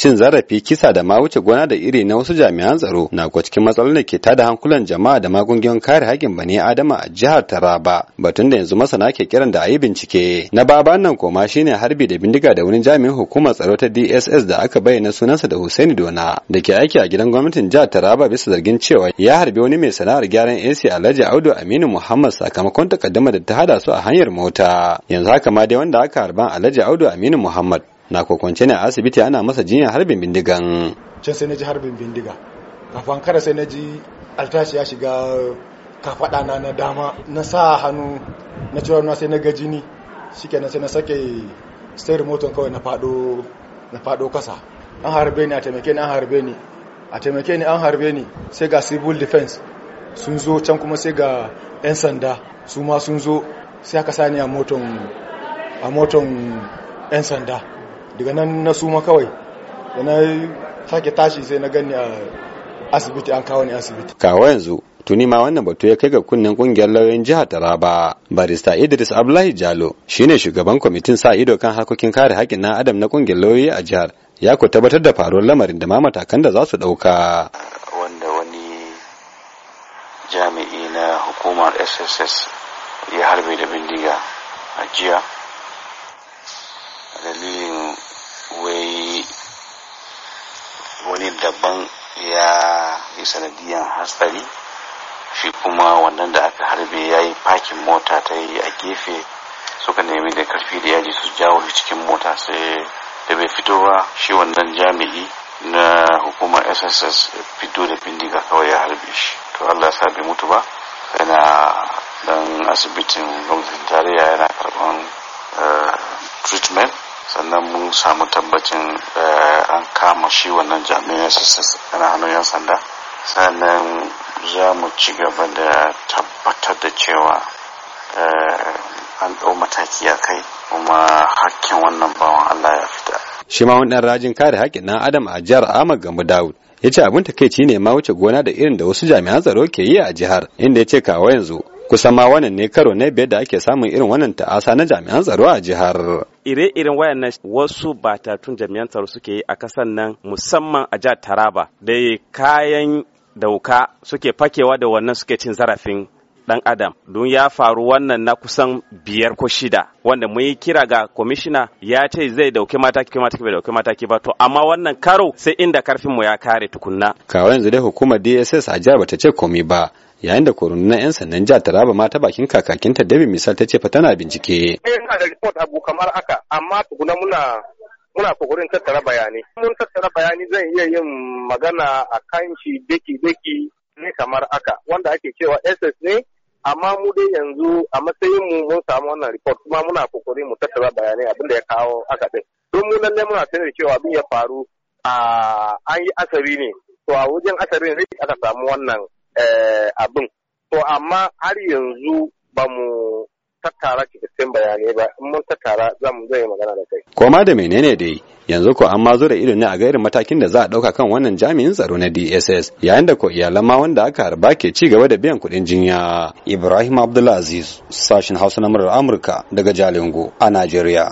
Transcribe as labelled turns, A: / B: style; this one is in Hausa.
A: cin zarafi kisa da ma wuce gona da iri na wasu jami'an tsaro na ko cikin matsalolin da ke tada hankulan jama'a da magungunan kare haƙƙin bani adama a jihar taraba batun da yanzu masana ke kiran da ayi bincike na baban nan koma shine harbi da bindiga da wani jami'in hukumar tsaro ta dss da aka bayyana sunansa da husaini dona da ke aiki a gidan gwamnatin jihar taraba bisa zargin cewa ya harbi wani mai sana'ar gyaran ac alhaji audu aminu muhammad sakamakon takaddama da ta hada su a hanyar mota yanzu haka ma dai wanda aka harban alhaji audu aminu muhammad na kokonce ne a asibiti ana masa jinya harbin bindigan
B: can sai na ji harbin bindiga kafin kada sai na ji altashi ya shiga kafaɗa na na dama na sa hannu na ciwon na sai na ga jini shikenan sai na sake stayar remote kawai na fado na fado kasa an harbe ni a taimake ni an harbe ni a taimake ni an harbe ni sai ga civil defense sun zo can kuma sai ga 'yan sanda su ma sun zo sai aka sani a moton a moton 'yan sanda daga nan na suma kawai da na sake tashi sai na gani a asibiti an kawo ni asibiti kawo yanzu
A: tuni ma wannan batu ya kai ga kunnen kungiyar lauyoyin jihar Taraba. Barista Idris Abdullahi Jalo shine shugaban kwamitin sa ido kan harkokin kare haƙƙin na adam na kungiyar lauyoyi a jihar. Ya ku tabbatar da faruwar lamarin da ma matakan da za su ɗauka. Wanda wani
C: jami'i na hukumar SSS ya harbe da bindiga a jiya wani daban ya yi sanadiyan hatsari shi kuma wannan da aka harbe ya yi fakin mota ta yi a gefe suka nemi da karfi da yaji su jawo shi cikin mota sai da bai fito ba shi wannan jami'i na hukumar sss fito da bindiga kawai ya harbe shi to allah sa bai mutu ba yana dan asibitin gwamnatin tarayya yana karban eh, treatment sannan mun samu tabbacin eh, an kama shi wannan jami'in sassan hannun 'yan sanda sannan za mu ci gaba da tabbatar da cewa eh, an ɗau mataki a kai kuma hakkin wannan bawan Allah ya fita.
A: Shi ma wani rajin kare haƙƙin ɗan Adam a jihar Ahmad Gambo Dawud ya ce abin takaici ne ma wuce gona da irin da wasu jami'an tsaro ke yi a jihar inda ya ce kawo yanzu kusa ma wannan ne karo na biyar da ake samun irin wannan ta'asa na jami'an tsaro a jihar
D: ire-iren wayannan wasu batatun jami'an tsaro suke yi a kasan nan musamman a jihar taraba da kayan dauka suke fakewa da wannan suke cin zarafin dan adam don ya faru wannan na kusan biyar ko shida wanda mun yi kira ga kwamishina ya ce zai dauki mataki mataki bai dauki mataki ba to amma wannan karo sai inda karfin mu ya kare tukunna
A: kawai yanzu dai hukumar DSS a jihar bata ce komai ba yayin da na 'yan sannan jihar Taraba ma ta bakin kakakinta David Misal ta ce fa tana bincike.
E: Eh ina da report abu kamar haka amma tukuna muna muna kokarin tattara bayani. Mun tattara bayani zan iya yin magana akan kan shi deki deki ne kamar aka wanda ake cewa ss ne amma mu dai yanzu a matsayin mu mun samu wannan report kuma muna kokari mu tattara bayanai abin da ya kawo aka din don mu lalle muna sanar cewa abin ya faru a an yi asari ne to a wajen asari ne aka samu wannan eh, abin to amma har yanzu ba mu tattara cikakken bayanai ba in mun tattara za mu zai magana da kai
A: koma da menene dai yanzu ko an ma da ido ne a ga irin matakin da za a ɗauka kan wannan jami'in tsaro na DSS yayin da ko iyalan ma wanda aka harba ke ci gaba da biyan kuɗin jinya Ibrahim Abdulaziz sashin Hausa na murar Amurka daga Jalingo a Najeriya